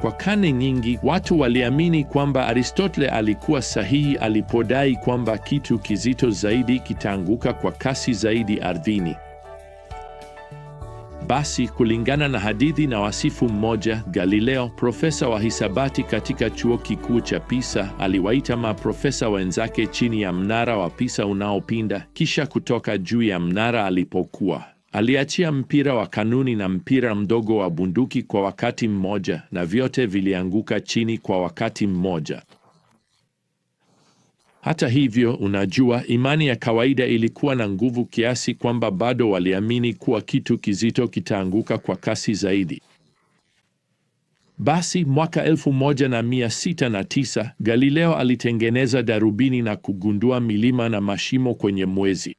Kwa karne nyingi watu waliamini kwamba Aristotle alikuwa sahihi alipodai kwamba kitu kizito zaidi kitaanguka kwa kasi zaidi ardhini. Basi kulingana na hadithi na wasifu mmoja, Galileo, profesa wa hisabati katika chuo kikuu cha Pisa, aliwaita maprofesa wenzake chini ya mnara wa Pisa unaopinda, kisha kutoka juu ya mnara alipokuwa Aliachia mpira wa kanuni na mpira mdogo wa bunduki kwa wakati mmoja, na vyote vilianguka chini kwa wakati mmoja. Hata hivyo, unajua, imani ya kawaida ilikuwa na nguvu kiasi kwamba bado waliamini kuwa kitu kizito kitaanguka kwa kasi zaidi. Basi mwaka 1609 Galileo alitengeneza darubini na kugundua milima na mashimo kwenye mwezi.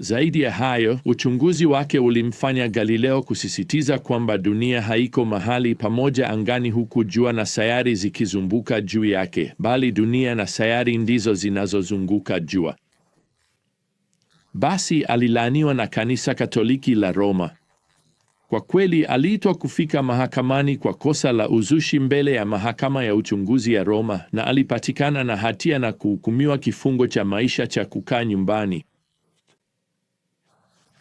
Zaidi ya hayo, uchunguzi wake ulimfanya Galileo kusisitiza kwamba dunia haiko mahali pamoja angani huku jua na sayari zikizunguka juu yake, bali dunia na sayari ndizo zinazozunguka jua. Basi alilaaniwa na Kanisa Katoliki la Roma. Kwa kweli, aliitwa kufika mahakamani kwa kosa la uzushi mbele ya mahakama ya uchunguzi ya Roma, na alipatikana na hatia na kuhukumiwa kifungo cha maisha cha kukaa nyumbani.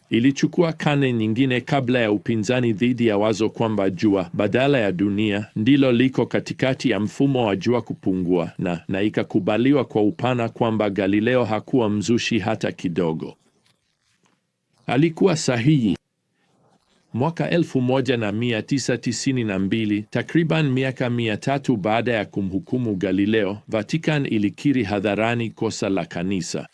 Ilichukua karne nyingine kabla ya upinzani dhidi ya wazo kwamba jua badala ya dunia ndilo liko katikati ya mfumo wa jua kupungua, na na ikakubaliwa kwa upana kwamba Galileo hakuwa mzushi hata kidogo. Alikuwa sahihi. Mwaka 1992, takriban miaka mia tatu baada ya kumhukumu Galileo, Vatican ilikiri hadharani kosa la kanisa.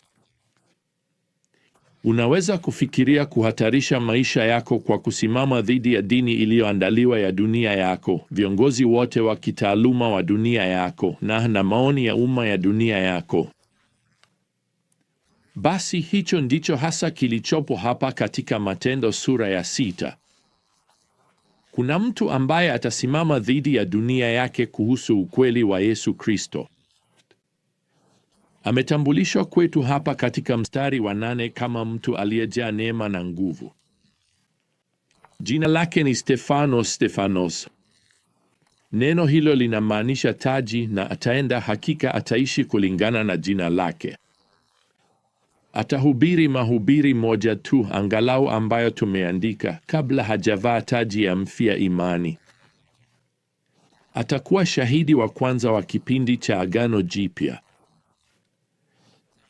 Unaweza kufikiria kuhatarisha maisha yako kwa kusimama dhidi ya dini iliyoandaliwa ya dunia yako, viongozi wote wa kitaaluma wa dunia yako, na na maoni ya umma ya dunia yako. Basi hicho ndicho hasa kilichopo hapa katika Matendo sura ya sita. Kuna mtu ambaye atasimama dhidi ya dunia yake kuhusu ukweli wa Yesu Kristo. Ametambulishwa kwetu hapa katika mstari wa nane kama mtu aliyejaa neema na nguvu. Jina lake ni Stefanos Stefanos. Neno hilo linamaanisha taji, na ataenda hakika, ataishi kulingana na jina lake. Atahubiri mahubiri moja tu angalau ambayo tumeandika kabla hajavaa taji ya mfia imani. Atakuwa shahidi wa kwanza wa kipindi cha Agano Jipya.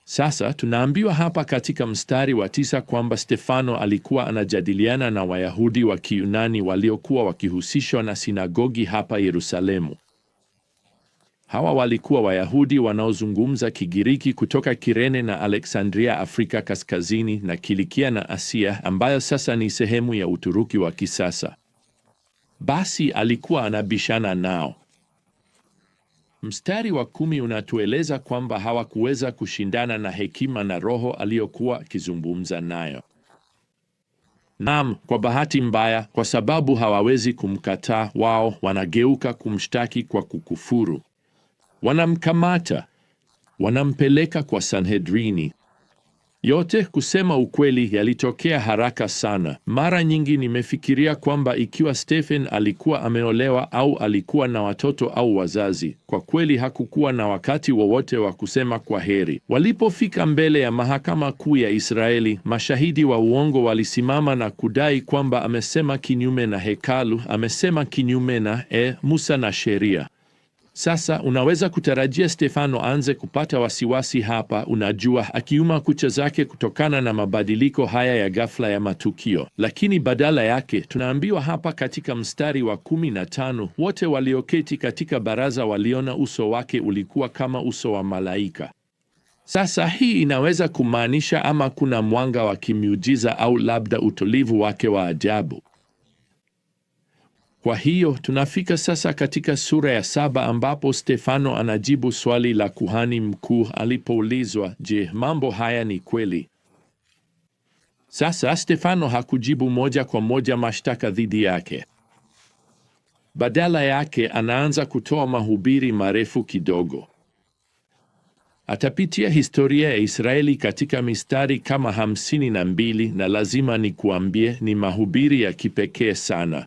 Sasa tunaambiwa hapa katika mstari wa tisa kwamba Stefano alikuwa anajadiliana na Wayahudi wa Kiyunani waliokuwa wakihusishwa na sinagogi hapa Yerusalemu. Hawa walikuwa Wayahudi wanaozungumza Kigiriki kutoka Kirene na Aleksandria, Afrika Kaskazini, na Kilikia na Asia, ambayo sasa ni sehemu ya Uturuki wa kisasa. Basi alikuwa anabishana nao. Mstari wa kumi unatueleza kwamba hawakuweza kushindana na hekima na roho aliyokuwa akizungumza nayo. Naam, kwa bahati mbaya, kwa sababu hawawezi kumkataa, wao wanageuka kumshtaki kwa kukufuru. Wanamkamata, wanampeleka kwa Sanhedrini yote kusema ukweli, yalitokea haraka sana. Mara nyingi nimefikiria kwamba ikiwa Stephen alikuwa ameolewa au alikuwa na watoto au wazazi, kwa kweli hakukuwa na wakati wowote wa kusema kwa heri. Walipofika mbele ya mahakama kuu ya Israeli, mashahidi wa uongo walisimama na kudai kwamba amesema kinyume na hekalu, amesema kinyume na e Musa na sheria. Sasa unaweza kutarajia Stefano aanze kupata wasiwasi hapa, unajua, akiuma kucha zake kutokana na mabadiliko haya ya ghafla ya matukio. Lakini badala yake tunaambiwa hapa katika mstari wa kumi na tano, wote walioketi katika baraza waliona uso wake ulikuwa kama uso wa malaika. Sasa hii inaweza kumaanisha ama kuna mwanga wa kimiujiza au labda utulivu wake wa ajabu. Kwa hiyo tunafika sasa katika sura ya saba ambapo Stefano anajibu swali la kuhani mkuu alipoulizwa, je, mambo haya ni kweli? Sasa Stefano hakujibu moja kwa moja mashtaka dhidi yake. Badala yake anaanza kutoa mahubiri marefu kidogo. Atapitia historia ya Israeli katika mistari kama hamsini na mbili na lazima nikuambie, ni mahubiri ya kipekee sana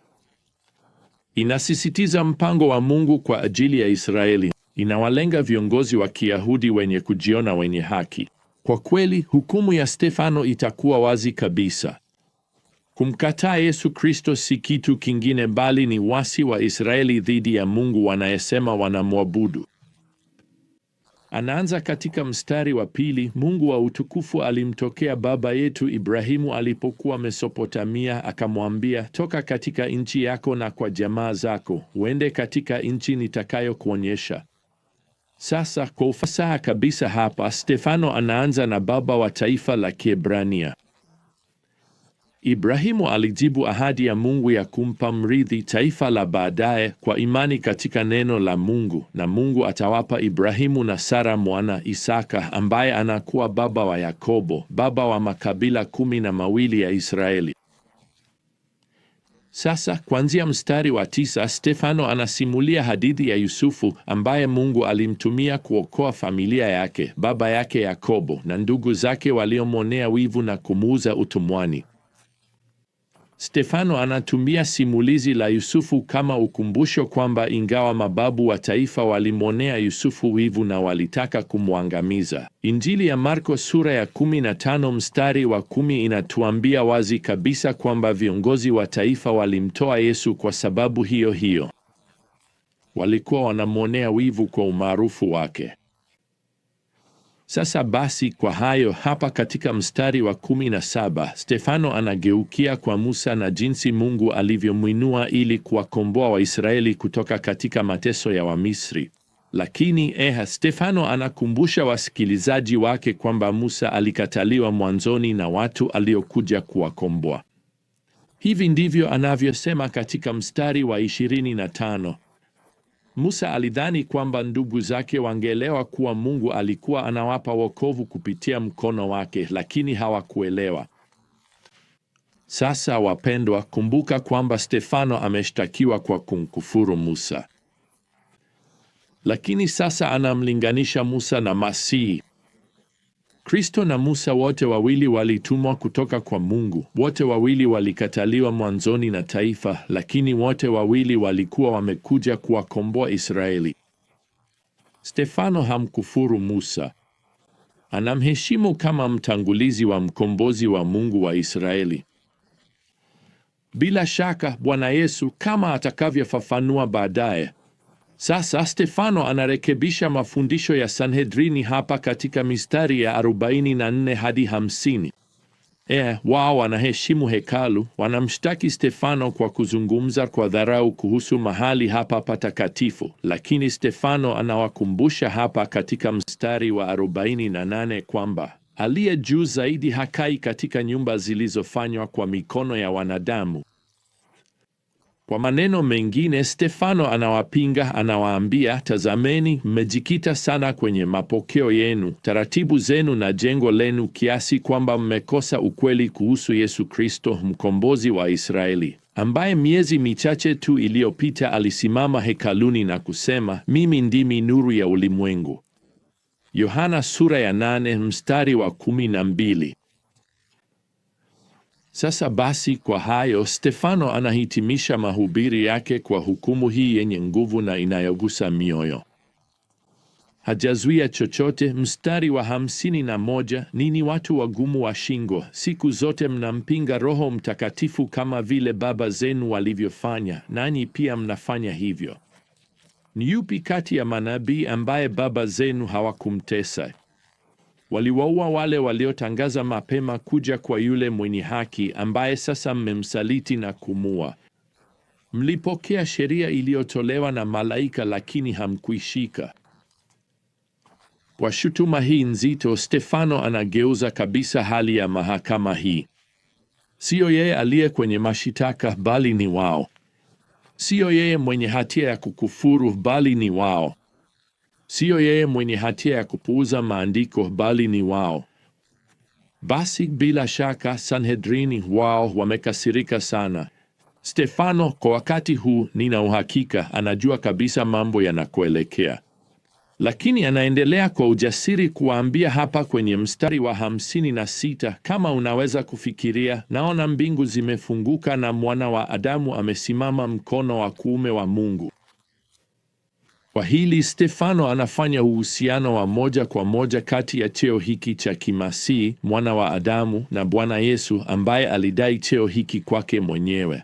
inasisitiza mpango wa Mungu kwa ajili ya Israeli. Inawalenga viongozi wa Kiyahudi wenye kujiona wenye haki. Kwa kweli, hukumu ya Stefano itakuwa wazi kabisa. Kumkataa Yesu Kristo si kitu kingine bali ni wasi wa Israeli dhidi ya Mungu wanayesema wanamwabudu. Anaanza katika mstari wa pili: Mungu wa utukufu alimtokea baba yetu Ibrahimu alipokuwa Mesopotamia, akamwambia, toka katika nchi yako na kwa jamaa zako, uende katika nchi nitakayokuonyesha. Sasa kwa ufasaha kabisa hapa, Stefano anaanza na baba wa taifa la Kiebrania. Ibrahimu alijibu ahadi ya Mungu ya kumpa mrithi taifa la baadaye kwa imani katika neno la Mungu, na Mungu atawapa Ibrahimu na Sara mwana Isaka ambaye anakuwa baba wa Yakobo, baba wa makabila kumi na mawili ya Israeli. Sasa kuanzia mstari wa tisa, Stefano anasimulia hadithi ya Yusufu ambaye Mungu alimtumia kuokoa familia yake, baba yake Yakobo na ndugu zake waliomwonea wivu na kumuuza utumwani. Stefano anatumia simulizi la Yusufu kama ukumbusho kwamba ingawa mababu wa taifa walimwonea Yusufu wivu na walitaka kumwangamiza, Injili ya Marko sura ya 15 mstari wa kumi inatuambia wazi kabisa kwamba viongozi wa taifa walimtoa Yesu kwa sababu hiyo hiyo. Walikuwa wanamwonea wivu kwa umaarufu wake. Sasa basi kwa hayo hapa katika mstari wa kumi na saba Stefano anageukia kwa Musa na jinsi Mungu alivyomwinua ili kuwakomboa Waisraeli kutoka katika mateso ya Wamisri. Lakini eha, Stefano anakumbusha wasikilizaji wake kwamba Musa alikataliwa mwanzoni na watu aliokuja kuwakomboa. Hivi ndivyo anavyosema katika mstari wa ishirini na tano: Musa alidhani kwamba ndugu zake wangeelewa kuwa Mungu alikuwa anawapa wokovu kupitia mkono wake, lakini hawakuelewa. Sasa wapendwa, kumbuka kwamba Stefano ameshtakiwa kwa kumkufuru Musa, lakini sasa anamlinganisha Musa na Masihi. Kristo na Musa wote wawili walitumwa kutoka kwa Mungu. Wote wawili walikataliwa mwanzoni na taifa, lakini wote wawili walikuwa wamekuja kuwakomboa Israeli. Stefano hamkufuru Musa. Anamheshimu kama mtangulizi wa mkombozi wa Mungu wa Israeli. Bila shaka Bwana Yesu kama atakavyofafanua baadaye sasa Stefano anarekebisha mafundisho ya Sanhedrini hapa katika mistari ya 44 hadi 50. E, wao wanaheshimu hekalu, wanamshtaki Stefano kwa kuzungumza kwa dharau kuhusu mahali hapa patakatifu, lakini Stefano anawakumbusha hapa katika mstari wa 48 kwamba aliye juu zaidi hakai katika nyumba zilizofanywa kwa mikono ya wanadamu. Kwa maneno mengine, Stefano anawapinga, anawaambia, tazameni, mmejikita sana kwenye mapokeo yenu, taratibu zenu na jengo lenu kiasi kwamba mmekosa ukweli kuhusu Yesu Kristo, mkombozi wa Israeli, ambaye miezi michache tu iliyopita alisimama hekaluni na kusema, mimi ndimi nuru ya ulimwengu. Yohana sura ya nane mstari wa kumi na mbili. Sasa basi, kwa hayo Stefano anahitimisha mahubiri yake kwa hukumu hii yenye nguvu na inayogusa mioyo. Hajazuia chochote. Mstari wa hamsini na moja: ninyi watu wagumu wa shingo, siku zote mnampinga Roho Mtakatifu kama vile baba zenu walivyofanya, nanyi pia mnafanya hivyo. Ni yupi kati ya manabii ambaye baba zenu hawakumtesa? Waliwaua wale waliotangaza mapema kuja kwa yule mwenye haki ambaye sasa mmemsaliti na kumua. Mlipokea sheria iliyotolewa na malaika, lakini hamkuishika. Kwa shutuma hii nzito, Stefano anageuza kabisa hali ya mahakama hii. Siyo yeye aliye kwenye mashitaka, bali ni wao. Siyo yeye mwenye hatia ya kukufuru, bali ni wao. Siyo yeye mwenye hatia ya kupuuza maandiko, bali ni wao. Basi bila shaka Sanhedrini wao wamekasirika sana. Stefano kwa wakati huu, nina uhakika, anajua kabisa mambo yanakoelekea, lakini anaendelea kwa ujasiri kuwaambia hapa kwenye mstari wa hamsini na sita, kama unaweza kufikiria, naona mbingu zimefunguka na mwana wa Adamu amesimama mkono wa kuume wa Mungu. Kwa hili Stefano anafanya uhusiano wa moja kwa moja kati ya cheo hiki cha kimasihi, mwana wa Adamu, na Bwana Yesu ambaye alidai cheo hiki kwake mwenyewe.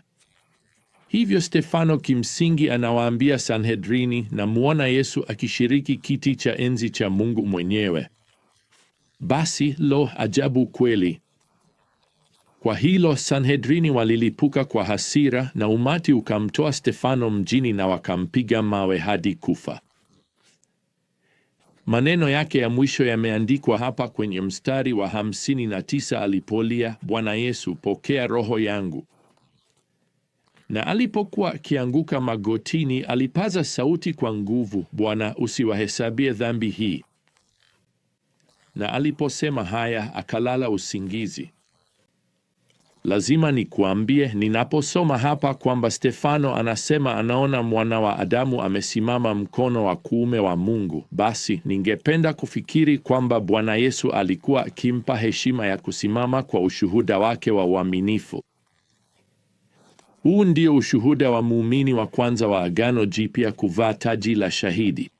Hivyo Stefano kimsingi anawaambia Sanhedrini na Yesu akishiriki kiti cha enzi cha Mungu mwenyewe. Basi lo, ajabu kweli! Kwa hilo Sanhedrini walilipuka kwa hasira na umati ukamtoa Stefano mjini na wakampiga mawe hadi kufa. Maneno yake ya mwisho yameandikwa hapa kwenye mstari wa hamsini na tisa alipolia, Bwana Yesu, pokea roho yangu. Na alipokuwa akianguka magotini, alipaza sauti kwa nguvu, Bwana, usiwahesabie dhambi hii. Na aliposema haya, akalala usingizi. Lazima nikuambie, ninaposoma hapa kwamba Stefano anasema anaona mwana wa Adamu amesimama mkono wa kuume wa Mungu, basi ningependa kufikiri kwamba Bwana Yesu alikuwa akimpa heshima ya kusimama kwa ushuhuda wake wa uaminifu. Huu ndio ushuhuda wa muumini wa kwanza wa Agano Jipya, kuvaa taji la shahidi.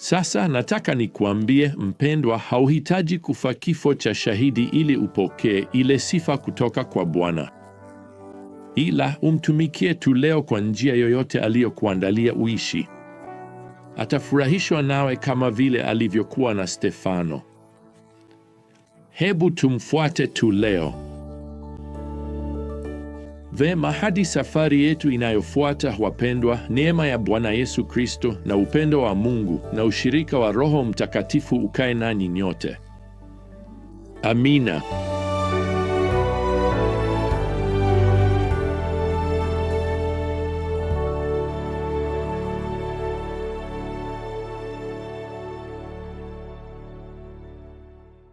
Sasa nataka nikuambie mpendwa, hauhitaji kufa kifo cha shahidi ili upokee ile sifa kutoka kwa Bwana, ila umtumikie tu leo kwa njia yoyote aliyokuandalia uishi. Atafurahishwa nawe kama vile alivyokuwa na Stefano. Hebu tumfuate tu leo. Vema, hadi safari yetu inayofuata, wapendwa, neema ya Bwana Yesu Kristo na upendo wa Mungu na ushirika wa Roho Mtakatifu ukae nanyi nyote. Amina.